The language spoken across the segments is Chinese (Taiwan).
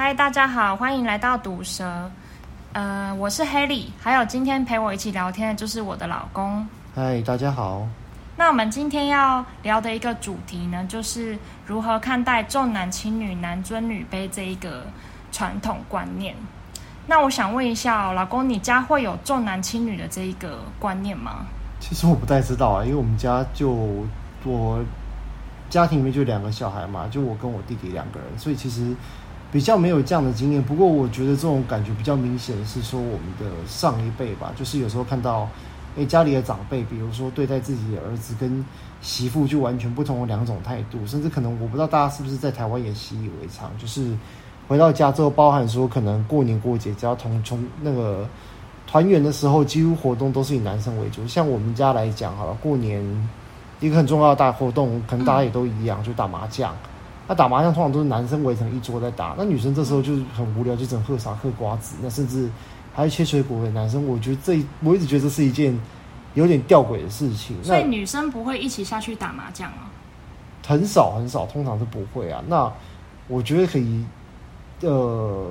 嗨，大家好，歡迎來到毒蛇。呃，我是 Helly，還有今天陪我一起聊天的就是我的老公。嗨，大家好。那我們今天要聊的一個主題呢，就是如何看待重男輕女、男尊女卑這一個傳統觀念。那我想問一下，哦，老公，你家會有重男輕女的這一個觀念嗎？其實我不太知道啊，因為我們家就我家庭裡面就兩個小孩嘛，就我跟我弟弟兩個人，所以其實。比較沒有這樣的經驗，不過我覺得這種感覺比較明顯的是說，我們的上一輩吧，就是有時候看到，哎、欸，家裡的長輩，比如說對待自己的兒子跟媳婦就完全不同的兩種態度，甚至可能我不知道大家是不是在台灣也習以為常，就是回到家之後，包含說可能過年過節，只要同從那個團圓的時候，幾乎活動都是以男生為主。像我們家來講好了，過年一個很重要的大活動，可能大家也都一樣，嗯、就打麻將。他打麻將通常都是男生圍成一桌在打，那女生這時候就是很無聊，就整喝茶、嗑瓜子，那甚至還是切水果。男生，我覺得這一我一直覺得這是一件有點吊詭的事情。所以女生不會一起下去打麻將啊、哦。很少很少，通常都不會啊。那我覺得可以，呃，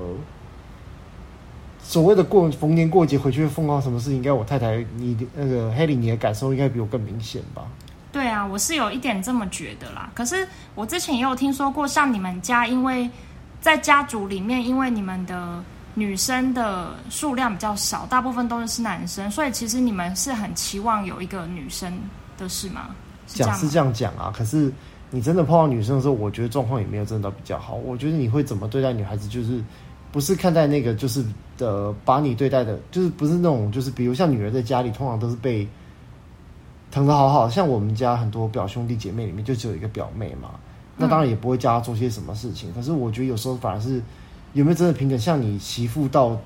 所謂的過逢年過節回去會，碰到什麼事情，應該我太太，你那個黑莉，Hayley, 你的感受應該比我更明顯吧？對啊，我是有一點這麼覺得啦。可是我之前也有聽說過，像你們家，因為在家族裡面，因為你們的女生的數量比較少，大部分都是男生，所以其實你們是很期望有一個女生的是嗎？講是這樣講啊，可是你真的碰到女生的時候，我覺得狀況也沒有真的到比較好。我覺得你會怎麼對待女孩子，就是不是看待那個，就是的、呃、把你對待的，就是不是那種，就是比如像女兒在家裡，通常都是被。疼得好好，好像我們家很多表兄弟姐妹裡面就只有一個表妹嘛，那當然也不會叫她做些什麼事情，嗯。可是我覺得有時候反而是有沒有真的平等，像你媳婦到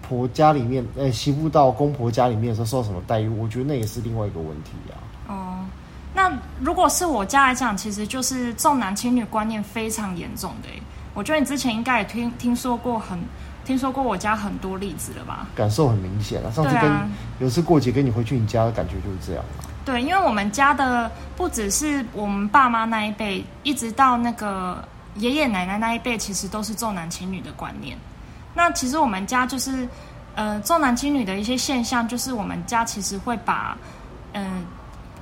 婆家裡面，欸，媳婦到公婆家裡面的時候受到什麼待遇，我覺得那也是另外一個問題呀，啊。哦，那如果是我家來講，其實就是重男輕女觀念非常嚴重的。我覺得你之前應該也聽聽說過很。聽說過我家很多例子了吧？感受很明顯啊，上次跟、啊、有次過節跟你回去，你家的感覺就是這樣嘛。對，因為我們家的不只是我們爸媽那一輩，一直到那個爺爺奶奶那一輩，其實都是重男輕女的觀念。那其實我們家就是呃重男輕女的一些現象，就是我們家其實會把嗯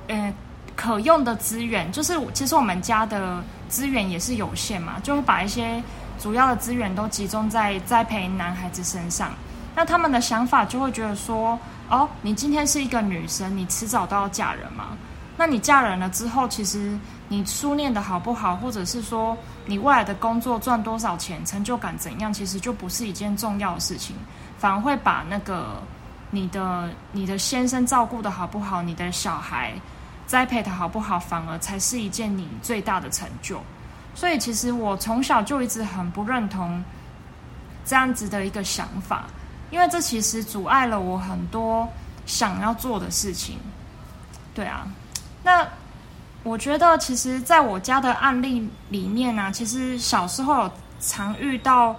嗯、呃呃、可用的資源，就是其實我們家的資源也是有限嘛，就會把一些。主要的資源都集中在栽培男孩子身上，那他們的想法就會覺得說：哦，你今天是一個女生，你遲早都要嫁人嘛。那你嫁人了之後，其實你書唸得好不好，或者是說你未來的工作賺多少錢、成就感怎樣，其實就不是一件重要的事情，反而會把那個你的你的先生照顧得好不好，你的小孩栽培得好不好，反而才是一件你最大的成就。所以，其實我從小就一直很不認同這樣子的一個想法，因為這其實阻礙了我很多想要做的事情。對啊，那我覺得，其實在我家的案例裡面呢、啊，其實小時候常遇到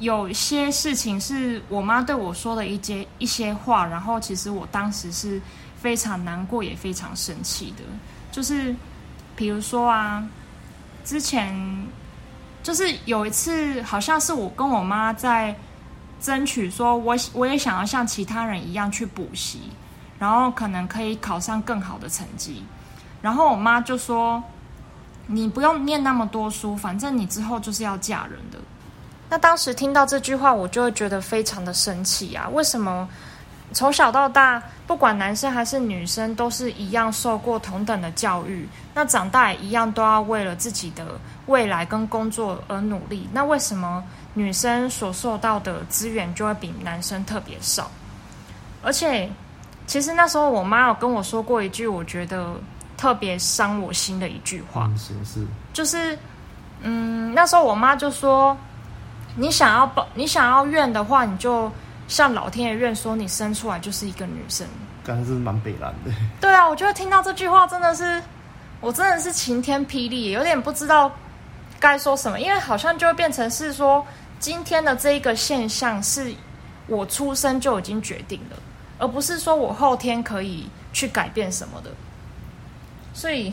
有些事情是我媽對我說的一些一些話，然後其實我當時是非常難過也非常生氣的，就是比如說啊。之前就是有一次，好像是我跟我媽在爭取，說我我也想要像其他人一樣去補習，然後可能可以考上更好的成績。然後我媽就說：“你不用念那麼多書，反正你之後就是要嫁人的。”那當時聽到這句話，我就會覺得非常的生氣啊！為什麼？從小到大，不管男生還是女生，都是一樣受過同等的教育。那長大也一樣都要為了自己的未來跟工作而努力。那為什麼女生所受到的資源就會比男生特別少？而且，其實那時候我媽有跟我說過一句，我覺得特別傷我心的一句話，就是嗯，那時候我媽就說：“你想要抱，你想要怨的話，你就。”像老天爺認說，你生出來就是一個女生，感覺是蠻悲涼的。對啊，我覺得聽到這句話真的是，我真的是晴天霹靂，有點不知道該說什麼，因為好像就會變成是說，今天的這一個現象是我出生就已經決定了，而不是說我後天可以去改變什麼的。所以，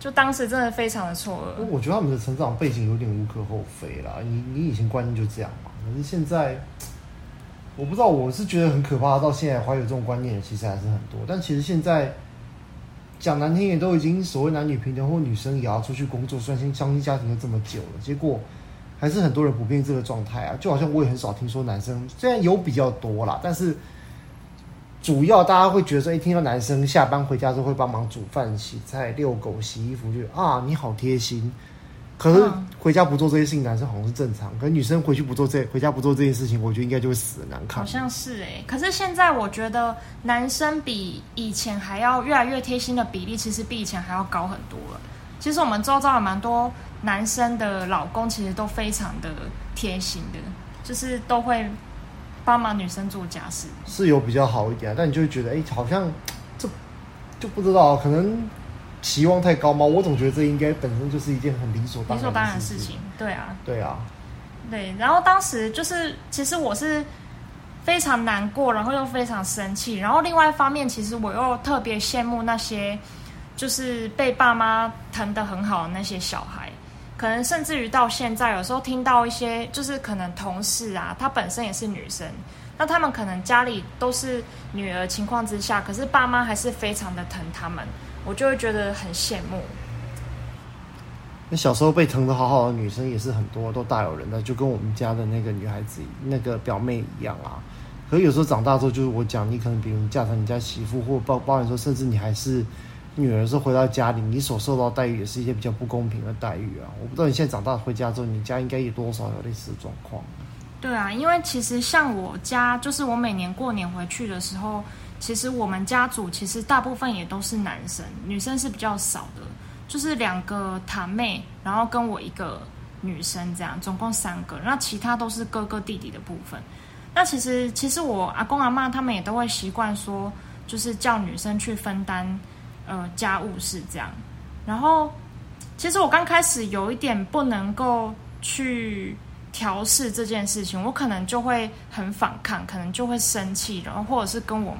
就當時真的非常的錯愕。我覺得他們的成長背景有點無可厚非啦，你你以前觀念就這樣嘛，可是現在。我不知道，我是覺得很可怕。到現在懷有這種觀念的，其實還是很多。但其實現在講難聽點，都已經所謂男女平等，或女生也要出去工作。雖然相親家庭都這麼久了，結果還是很多人不變這個狀態啊。就好像我也很少聽說男生，雖然有比較多啦，但是主要大家會覺得說，一聽到男生下班回家之後會幫忙煮飯、洗菜、遛狗、洗衣服，就啊，你好貼心。可是回家不做這些事情，嗯、男生好像是正常，可是女生回去不做這，回家不做這件事情，我覺得應該就會死得難看。好像是哎、欸，可是現在我覺得男生比以前還要越來越貼心的比例，其實比以前還要高很多了。其實我們周遭有蠻多男生的老公，其實都非常的貼心的，就是都會幫忙女生做家事，是有比較好一點，但你就會覺得哎、欸，好像這就不知道可能。期望太高嗎？我總覺得這應該本身就是一件很理所當然的事情。理所當然的事情，對啊，對啊，對。然後當時就是，其實我是非常難過，然後又非常生氣。然後另外一方面，其實我又特別羨慕那些就是被爸媽疼得很好的那些小孩。可能甚至於到現在，有時候聽到一些就是可能同事啊，她本身也是女生，那他們可能家裡都是女兒情況之下，可是爸媽還是非常的疼他們。我就會覺得很羨慕。那小時候被疼得好好的女生也是很多，都大有人在，就跟我們家的那個女孩子、那個表妹一樣啊。可是有時候長大之後，就是我講，你可能比如嫁成你家媳婦，或包包括說，甚至你還是女兒是回到家裡，你所受到待遇也是一些比較不公平的待遇啊。我不知道你現在長大回家之後，你家應該有多少有類似的狀況。對啊，因為其實像我家，就是我每年過年回去的時候。其實我們家族其實大部分也都是男生，女生是比較少的，就是兩個堂妹，然後跟我一個女生這樣，總共三個。那其他都是哥哥弟弟的部分。那其實其實我阿公阿嬤他們也都會習慣說，就是叫女生去分擔呃家務事這樣。然後其實我剛開始有一點不能夠去調適這件事情，我可能就會很反抗，可能就會生氣，然後或者是跟我。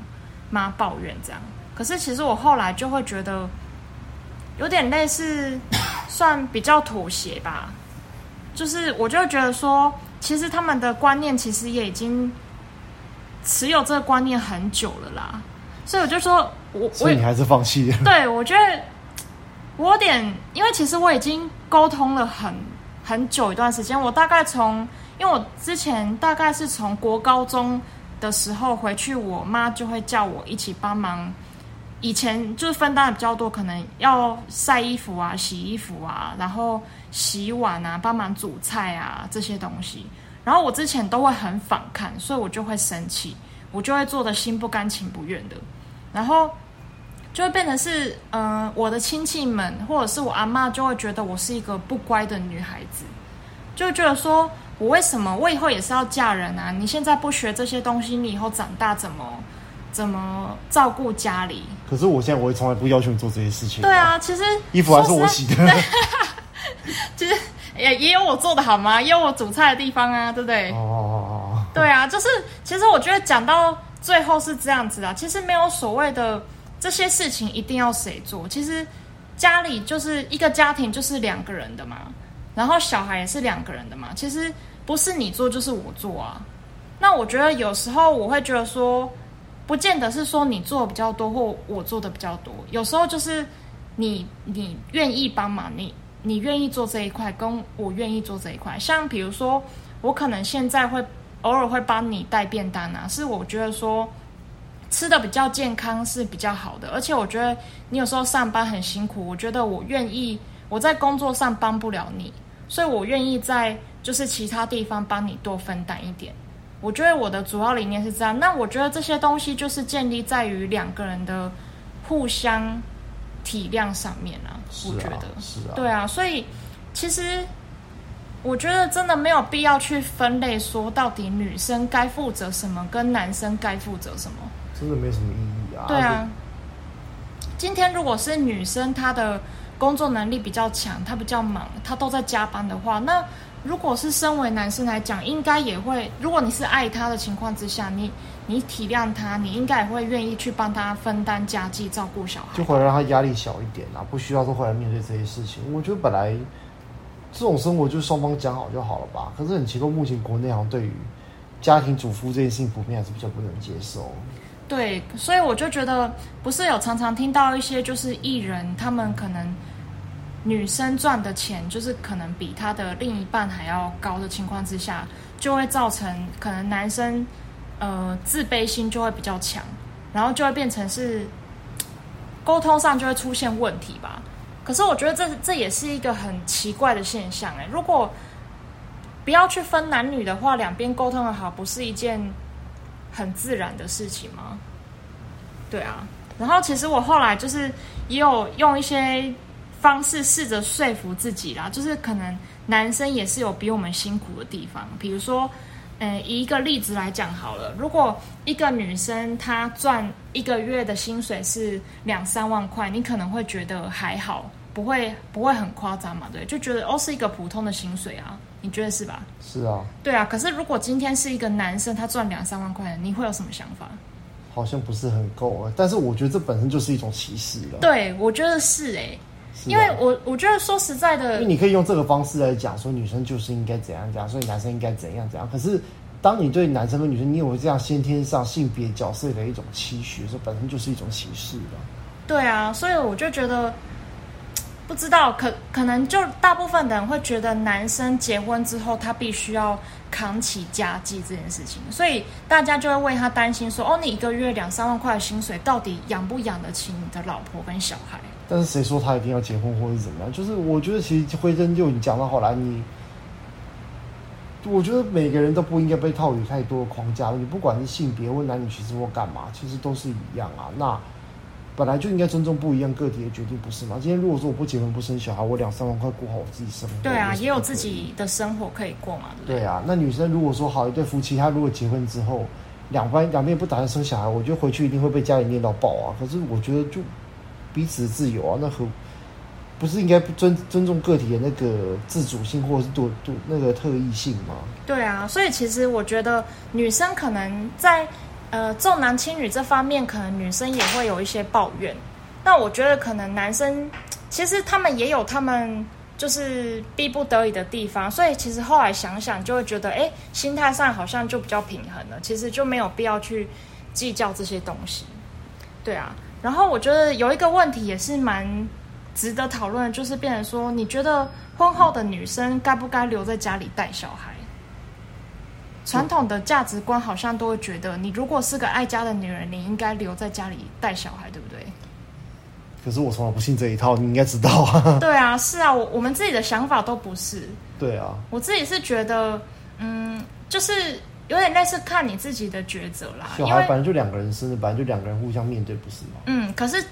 媽抱怨這樣，可是其實我後來就會覺得有點類似，算比較妥協吧。就是，我就覺得說，其實他們的觀念其實也已經持有這個觀念很久了啦。所以我就說，我所以你還是放棄了？對，我覺得我有點，因為其實我已經溝通了很很久一段時間。我大概從，因為我之前大概是從國高中的時候回去，我媽就會叫我一起幫忙。以前就是分擔的比較多，可能要曬衣服啊、洗衣服啊，然後洗碗啊、幫忙煮菜啊這些東西。然後我之前都會很反抗，所以我就會生氣，我就會做得心不甘情不願的，然後就會變成是，嗯，我的親戚們或者是我阿媽就會覺得我是一個不乖的女孩子，就覺得說。我為什麼？我以後也是要嫁人啊！你現在不學這些東西，你以後長大怎麼怎麼照顧家裡？可是我現在，我也從來不要求你做這些事情啊。對啊，其實衣服還是我洗的。對 其實也也有我做的好嘛，也有我煮菜的地方啊，對不對？哦、oh. 對啊，就是其實我覺得講到最後是這樣子啊。其實沒有所謂的這些事情一定要誰做。其實家裡就是一個家庭，就是兩個人的嘛，然後小孩也是兩個人的嘛，其實。不是你做就是我做啊，那我覺得有時候我會覺得說，不見得是說你做的比較多或我做的比較多，有時候就是你你願意幫忙，你你願意做這一塊，跟我願意做這一塊。像比如說，我可能現在會偶爾會幫你帶便當啊，是我覺得說吃得比較健康是比較好的，而且我覺得你有時候上班很辛苦，我覺得我願意，我在工作上幫不了你。所以，我願意在就是其他地方幫你多分擔一點。我覺得我的主要理念是這樣。那我覺得這些東西就是建立在於兩個人的互相體諒上面啊。我覺得是啊，對啊。所以，其實我覺得真的沒有必要去分類說，到底女生該負責什麼，跟男生該負責什麼，真的沒什麼意義啊。對啊。今天如果是女生，她的。工作能力比較強，他比較忙，他都在加班的話，那如果是身為男生來講，應該也會。如果你是愛他的情況之下，你你體諒他，你應該也會願意去幫他分擔家計，照顧小孩，就會讓他壓力小一點啊，不需要說後來面對這些事情。我覺得本來這種生活就是雙方講好就好了吧。可是很奇怪，目前國內好像對於家庭主婦這件事情普遍還是比較不能接受。對，所以我就覺得，不是有常常聽到一些就是藝人，他們可能女生賺的錢就是可能比他的另一半還要高的情況之下，就會造成可能男生呃自卑心就會比較強，然後就會變成是溝通上就會出現問題吧。可是我覺得這這也是一個很奇怪的現象誒。如果不要去分男女的話，兩邊溝通的好不是一件很自然的事情嗎？對啊，然後其實我後來就是也有用一些方式試着說服自己啦，就是可能男生也是有比我們辛苦的地方，比如說，嗯、呃，以一個例子來講好了，如果一個女生她賺一個月的薪水是兩三萬塊，你可能會覺得還好，不會不會很誇張嘛，對，就覺得哦，是一個普通的薪水啊。你覺得是吧？是啊。對啊，可是如果今天是一個男生，他賺兩三萬塊，你會有什麼想法？好像不是很夠啊。但是我覺得這本身就是一種歧視了。對，我覺得是哎。是啊。因為我我覺得說實在的，因為你可以用這個方式來講說女生就是應該怎樣怎樣，所以男生應該怎樣怎樣。可是當你對男生和女生你有這樣先天上性別角色的一種期許，這本身就是一種歧視了。對啊，所以我就覺得。不知道，可可能就大部分的人會覺得，男生結婚之後他必須要扛起家計這件事情，所以大家就會為他擔心，說：“哦，你一個月兩三萬塊的薪水，到底養不養得起你的老婆跟小孩？”但是誰說他一定要結婚或者是怎麼樣？就是我覺得其實輝真就你講到後來你，我覺得每個人都不應該被套入太多的框架，你不管是性別或男女其實或幹嘛，其實都是一樣啊。那。本來就應該尊重不一樣個體的決定，不是嗎？今天如果說我不結婚不生小孩，我兩三萬塊過好我自己生活，對啊，也有自己的生活可以過嘛，對啊？對啊那女生如果說好，一對夫妻她如果結婚之後，兩,兩邊兩邊不打算生小孩，我覺得回去一定會被家裡念叨爆啊。可是我覺得就彼此自由啊，那可不是應該尊尊重個體的那個自主性或者是多多那個特異性嗎？對啊，所以其實我覺得女生可能在。呃，重男輕女這方面，可能女生也會有一些抱怨。那我覺得，可能男生其實他們也有他們就是逼不得已的地方。所以，其實後來想想，就會覺得，哎，心態上好像就比較平衡了。其實就沒有必要去計較這些東西。對啊。然後我覺得有一個問題也是蠻值得討論，就是變成說，你覺得婚後的女生該不該留在家裡帶小孩？傳統的價值觀好像都會覺得，你如果是個愛家的女人，你應該留在家裡帶小孩，對不對？可是我從來不信這一套，你應該知道啊。對啊，是啊，我我們自己的想法都不是。對啊，我自己是覺得，嗯，就是有點類似看你自己的抉擇啦。小孩反正就兩個人生，本來就兩個人互相面對，不是嗎？嗯，可是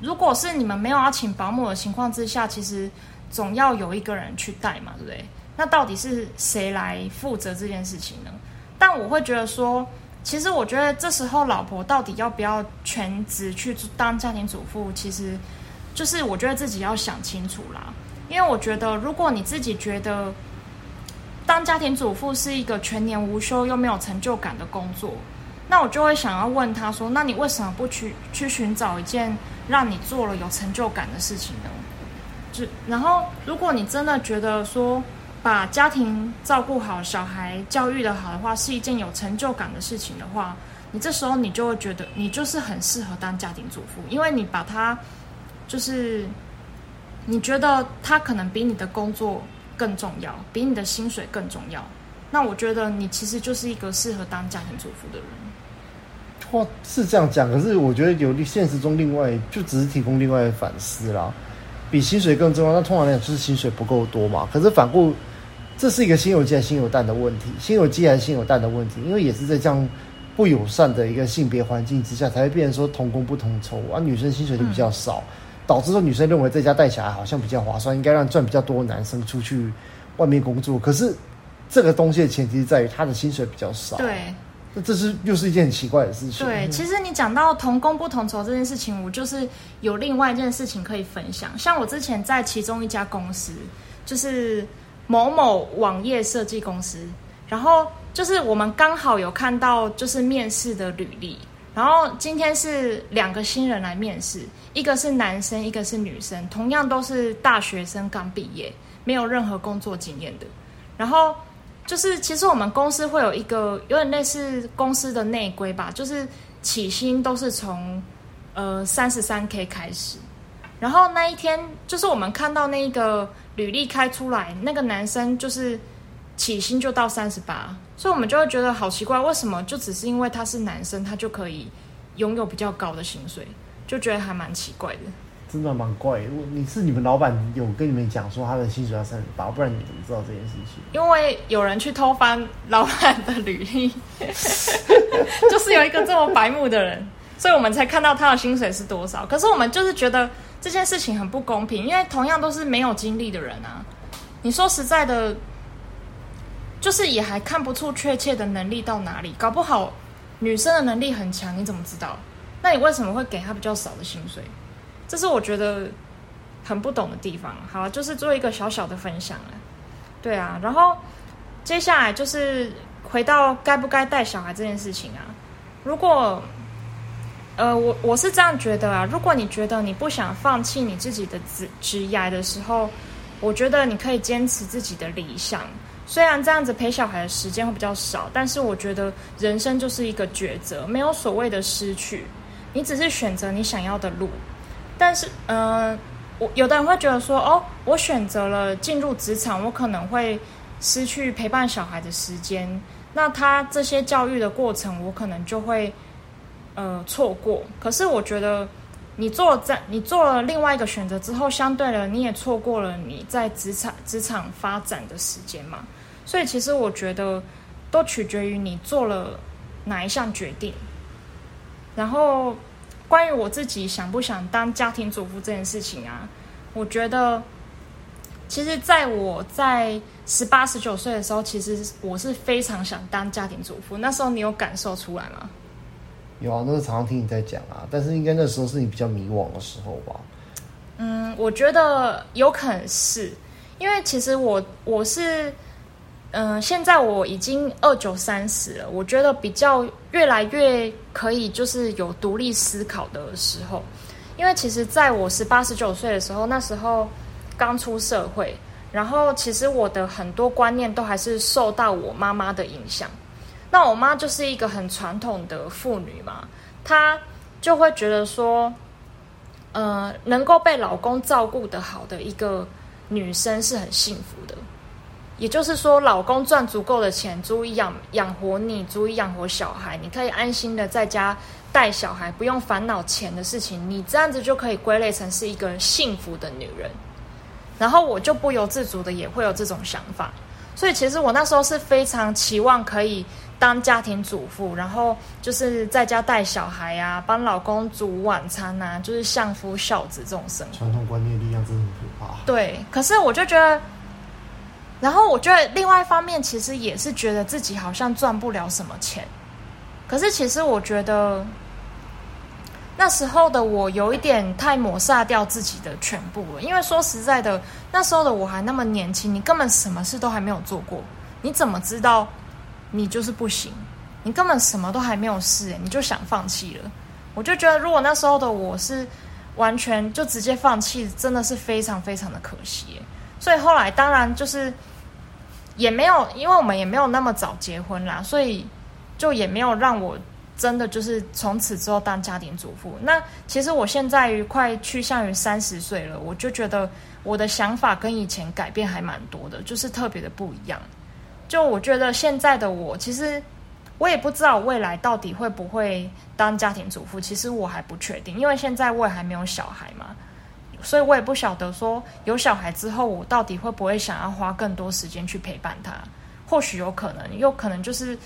如果是你們沒有要請保姆的情況之下，其實總要有一個人去帶嘛，對不對？那到底是誰來負責這件事情呢？但我會覺得說，其實我覺得這時候老婆到底要不要全職去當家庭主婦，其實就是我覺得自己要想清楚啦。因為我覺得，如果你自己覺得當家庭主婦是一個全年無休又沒有成就感的工作，那我就會想要問他說：“那你為什麼不去去尋找一件讓你做了有成就感的事情呢？”就然後，如果你真的覺得說，把家庭照顧好，小孩教育得好的話，是一件有成就感的事情的話，你這時候你就會覺得你就是很適合當家庭主婦，因為你把他就是你覺得他可能比你的工作更重要，比你的薪水更重要。那我覺得你其實就是一個適合當家庭主婦的人。話是這樣講，可是我覺得有現實中另外就只是提供另外的反思啦，比薪水更重要。那通常來講就是薪水不夠多嘛，可是反過。這是一個“先有雞，先有蛋”的問題，“先有雞，還先有蛋”的問題，因為也是在這樣不友善的一個性別環境之下，才會變成說同工不同酬，而、啊、女生薪水就比較少，嗯、導致說女生認為在家帶小孩好像比較划算，應該讓賺比較多的男生出去外面工作。可是這個東西的前提是在於他的薪水比較少，對，那這、就是又是一件很奇怪的事情。對、嗯，其實你講到同工不同酬這件事情，我就是有另外一件事情可以分享，像我之前在其中一家公司，就是。某某網頁設計公司，然後就是我們剛好有看到就是面試的履歷，然後今天是兩個新人來面試，一個是男生，一個是女生，同樣都是大學生剛畢業，沒有任何工作經驗的。然後就是其實我們公司會有一個有點類似公司的內規吧，就是起薪都是從呃 33K 開始。然後那一天就是我們看到那個。履歷開出來，那個男生就是起薪就到三十八，所以我們就會覺得好奇怪，為什麼就只是因為他是男生，他就可以擁有比較高的薪水，就覺得還蠻奇怪的。真的蠻怪的，你是你們老板，有跟你們講說他的薪水要三十八，不然你怎麼知道這件事情？因為有人去偷翻老板的履歷， 就是有一個這麼白目的人。所以，我們才看到他的薪水是多少。可是，我們就是覺得這件事情很不公平，因為同樣都是沒有經歷的人啊。你說實在的，就是也還看不出確切的能力到哪裡。搞不好女生的能力很強，你怎麼知道？那你為什麼會給他比較少的薪水？這是我覺得很不懂的地方。好，就是做一個小小的分享了。對啊，然後接下來就是回到該不該帶小孩這件事情啊。如果呃，我我是這樣覺得啊。如果你覺得你不想放棄你自己的職職業的時候，我覺得你可以堅持自己的理想。雖然這樣子陪小孩的時間會比較少，但是我覺得人生就是一個抉擇，沒有所謂的失去，你只是選擇你想要的路。但是，嗯、呃，我有的人會覺得說，哦，我選擇了進入職場，我可能會失去陪伴小孩的時間。那他這些教育的過程，我可能就會。呃，錯過。可是我覺得，你做在你做了另外一個選擇之後，相對的你也錯過了你在職場職場發展的時間嘛。所以其實我覺得，都取決於你做了哪一項決定。然後，關於我自己想不想當家庭主婦這件事情啊，我覺得，其實在我在十八、十九歲的時候，其實我是非常想當家庭主婦。那時候你有感受出來嗎？有啊，那是常常聽你在講啊，但是應該那時候是你比較迷惘的時候吧？嗯，我覺得有可能是因為其實我我是嗯、呃，現在我已經二九三十了，我覺得比較越來越可以就是有獨立思考的時候，因為其實在我十八十九歲的時候，那時候剛出社會，然後其實我的很多觀念都還是受到我媽媽的影響。那我媽就是一個很傳統的婦女嘛，她就會覺得說，呃，能夠被老公照顧得好的一個女生是很幸福的。也就是說，老公賺足夠的錢，足以養養活你，足以養活小孩，你可以安心的在家帶小孩，不用煩惱錢的事情，你這樣子就可以歸類成是一個幸福的女人。然後我就不由自主的也會有這種想法，所以其實我那時候是非常期望可以。當家庭主婦，然後就是在家帶小孩啊，幫老公煮晚餐啊，就是相夫教子這種生活。傳統觀念力量真的很可怕。對，可是我就覺得，然後我覺得另外一方面，其實也是覺得自己好像賺不了什麼錢。可是其實我覺得那時候的我有一點太抹殺掉自己的全部了，因為說實在的，那時候的我還那麼年輕，你根本什麼事都還沒有做過，你怎麼知道？你就是不行，你根本什麼都還沒有試，你就想放棄了。我就覺得，如果那時候的我是完全就直接放棄，真的是非常非常的可惜。所以後來當然就是也沒有，因為我們也沒有那麼早結婚啦，所以就也沒有讓我真的就是從此之後當家庭主婦。那其實我現在快趨向於三十歲了，我就覺得我的想法跟以前改變還蠻多的，就是特別的不一樣。就我覺得現在的我，其實我也不知道未來到底會不會當家庭主婦。其實我還不確定，因為現在我也還沒有小孩嘛，所以我也不曉得說有小孩之後我到底會不會想要花更多時間去陪伴他。或許有可能，有可能就是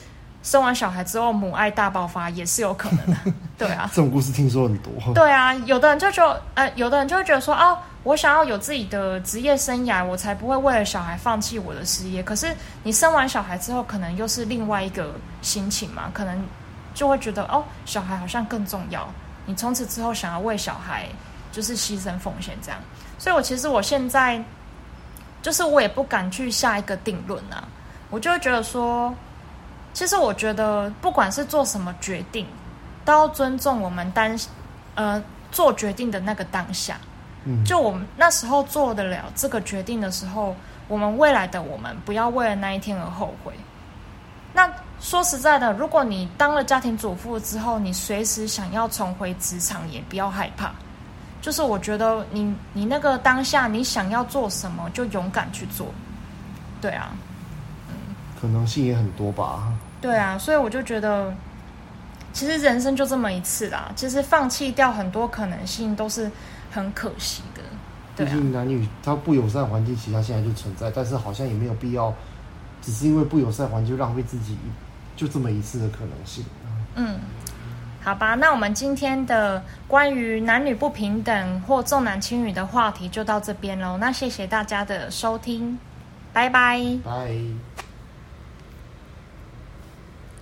生完小孩之後母愛大爆發，也是有可能的。 對啊，這種故事聽說很多。對啊，有的人就覺呃，有的人就會覺得說啊。哦我想要有自己的職業生涯，我才不會為了小孩放棄我的事業。可是你生完小孩之後，可能又是另外一個心情嘛，可能就會覺得哦，小孩好像更重要。你從此之後想要為小孩就是犧牲奉獻這樣。所以，我其實我現在就是我也不敢去下一個定論啊。我就會覺得說，其實我覺得不管是做什麼決定，都要尊重我們當呃做決定的那個當下。嗯，就我們那時候做得了這個決定的時候，我們未來的我們不要為了那一天而後悔。那說實在的，如果你當了家庭主婦之後，你隨時想要重回職場，也不要害怕。就是我覺得你你那個當下你想要做什麼，就勇敢去做。對啊，可能性也很多吧？對啊，所以我就覺得，其實人生就這麼一次啦。其實放棄掉很多可能性都是。很可惜的，對啊，畢竟男女他不友善環境，其實他現在就存在，但是好像也沒有必要，只是因為不友善環境就浪費自己就這麼一次的可能性。嗯，好吧，那我們今天的關於男女不平等或重男輕女的話題就到這邊嘍。那謝謝大家的收聽，拜拜，拜。